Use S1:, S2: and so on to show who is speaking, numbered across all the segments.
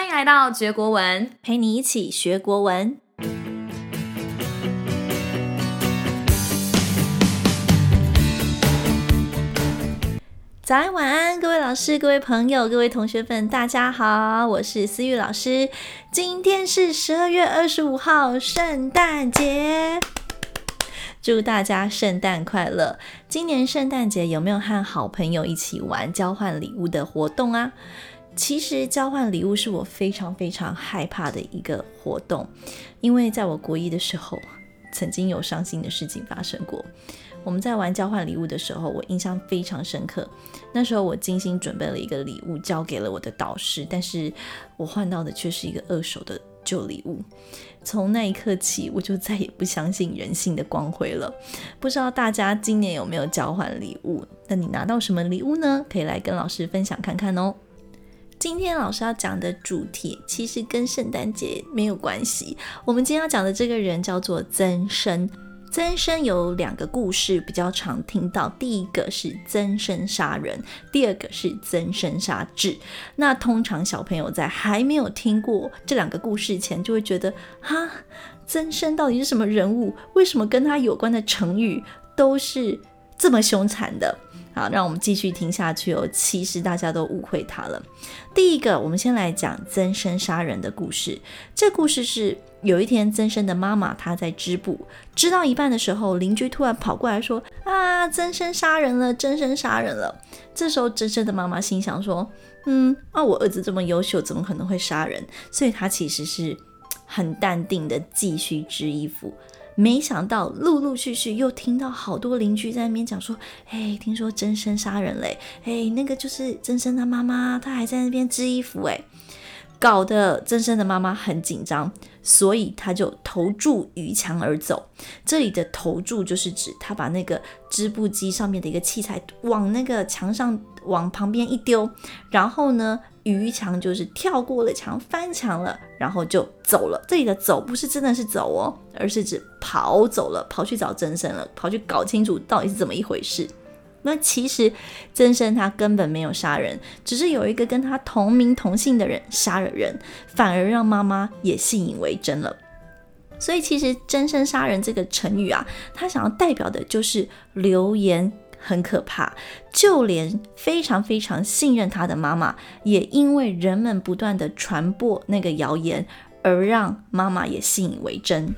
S1: 歡迎來到學國文，陪你一起學國文。早安晚安，各位老師、各位朋友、各位同學們，大家好，我是思玉老師。今天是十二月二十五號，聖誕節， 祝大家聖誕快樂！今年聖誕節有沒有和好朋友一起玩交換禮物的活動啊？其實交換禮物是我非常非常害怕的一個活動，因為在我國一的時候，曾經有傷心的事情發生過。我們在玩交換禮物的時候，我印象非常深刻。那時候我精心準備了一個禮物交給了我的導師，但是我換到的卻是一個二手的舊禮物。從那一刻起，我就再也不相信人性的光輝了。不知道大家今年有沒有交換禮物？那你拿到什麼禮物呢？可以來跟老師分享看看哦。今天老師要講的主題其實跟聖誕節沒有關係。我們今天要講的這個人叫做曾參，曾參有兩個故事比較常聽到，第一個是曾參殺人，第二個是曾參殺彘。那通常小朋友在還沒有聽過這兩個故事前，就會覺得哈，曾參到底是什麼人物？為什麼跟他有關的成語都是？這麼兇殘的，好，讓我們繼續聽下去哦。其實大家都誤會他了。第一個，我們先來講曾參殺人的故事。這故事是有一天曾參的媽媽她在織布，織到一半的時候，鄰居突然跑過來說：“啊，曾參殺人了！曾參殺人了！”這時候曾參的媽媽心想說：“嗯，啊，我兒子這麼優秀，怎麼可能會殺人？”所以她其實是很淡定的，繼續織衣服。沒想到，陸陸續續又聽到好多鄰居在那邊講說：“哎，聽說曾參殺人嘞、欸！哎，那個就是曾參他媽媽，他還在那邊織衣服誒、欸搞得曾參的媽媽很緊張，所以他就投杼逾牆而走。這裡的投杼就是指他把那個織布機上面的一個器材往那個牆上往旁邊一丟，然後呢，逾牆就是跳過了牆，翻牆了，然後就走了。這裡的走不是真的是走哦，而是指跑走了，跑去找曾參了，跑去搞清楚到底是怎麼一回事。那其實曾參他根本沒有殺人，只是有一個跟他同名同姓的人殺了人，反而讓媽媽也信以為真了。所以其實“曾參殺人”這個成語啊，它想要代表的就是流言很可怕，就連非常非常信任他的媽媽，也因為人們不斷的傳播那個謠言，而讓媽媽也信以為真。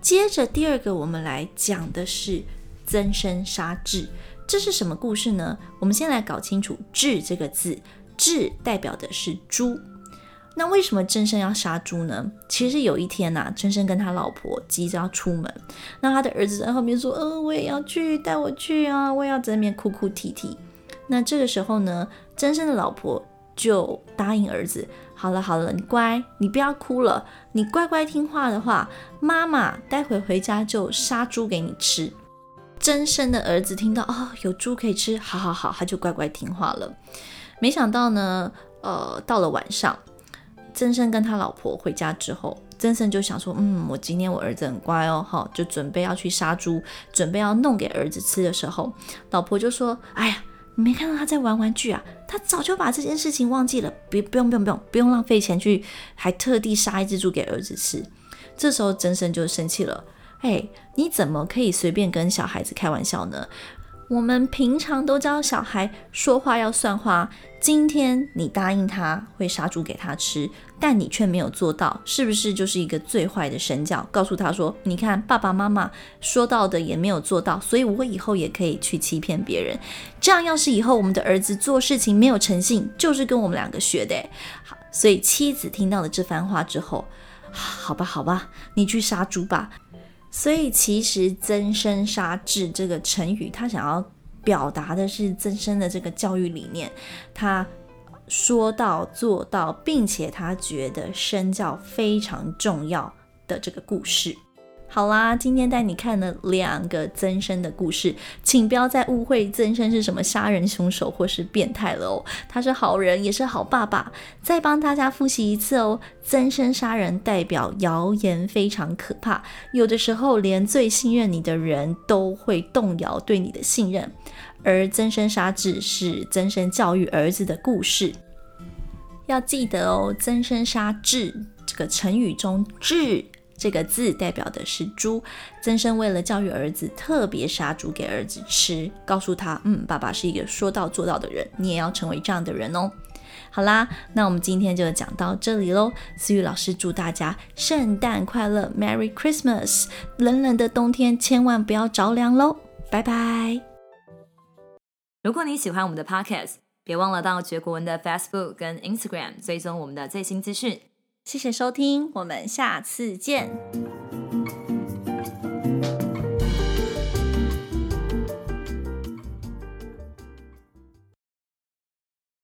S1: 接着第二個，我們來講的是。曾參殺彘，這是什麼故事呢？我們先來搞清楚“彘”這個字，“彘”代表的是豬。那為什麼曾參要殺豬呢？其實有一天吶、啊，曾參跟他老婆急着要出門，那他的兒子在後面說：“呃，我也要去，帶我去啊！我也要在那邊哭哭啼啼。”那這個時候呢，曾參的老婆就答應兒子：“好了好了，你乖，你不要哭了，你乖乖聽話的話，媽媽待會回家就殺豬給你吃。”曾參的兒子聽到哦，有豬可以吃，好好好，他就乖乖聽話了。沒想到呢，呃，到了晚上，曾參跟他老婆回家之後，曾參就想說，嗯，我今天我兒子很乖哦，好、哦，就準備要去殺豬，準備要弄給兒子吃的時候，老婆就說，哎呀，你沒看到他在玩玩具啊？他早就把這件事情忘記了，不，不用，不用，不用，不用浪費錢去，還特地殺一隻豬給兒子吃。這時候曾參就生氣了。欸，你怎麼可以隨便跟小孩子開玩笑呢？我們平常都教小孩說話要算話。今天你答應他會殺豬給他吃，但你卻沒有做到，是不是就是一個最壞的身教？告訴他說，你看爸爸媽媽說到的也沒有做到，所以我會以後也可以去欺騙別人。這樣要是以後我們的兒子做事情沒有誠信，就是跟我們兩個學的、欸。好，所以妻子聽到了這番話之後，好吧，好吧，你去殺豬吧。所以，其實「曾參殺彘」這個成語，他想要表達的是曾參的這個教育理念，他說到做到，並且他覺得身教非常重要的這個故事。好啦，今天帶你看了兩個曾參的故事，請不要再誤會曾參是什麼殺人兇手或是變態了哦，他是好人，也是好爸爸。再幫大家複習一次哦，曾參殺人代表謠言非常可怕，有的時候連最信任你的人都會動搖對你的信任。而曾參殺彘是曾參教育兒子的故事，要記得哦，曾參殺彘這個成語中彘。這個字代表的是豬。曾參為了教育兒子，特別殺豬給兒子吃，告訴他：“嗯，爸爸是一個說到做到的人，你也要成為這樣的人哦。”好啦，那我們今天就講到這裡嘍。思雨老師祝大家聖誕快樂，Merry Christmas！冷冷的冬天千萬不要着涼嘍，拜拜。如果你喜歡我們的 Podcast，別忘了到學國文的 Facebook 跟 Instagram 追蹤我們的最新資訊。謝謝收聽，我們下次見。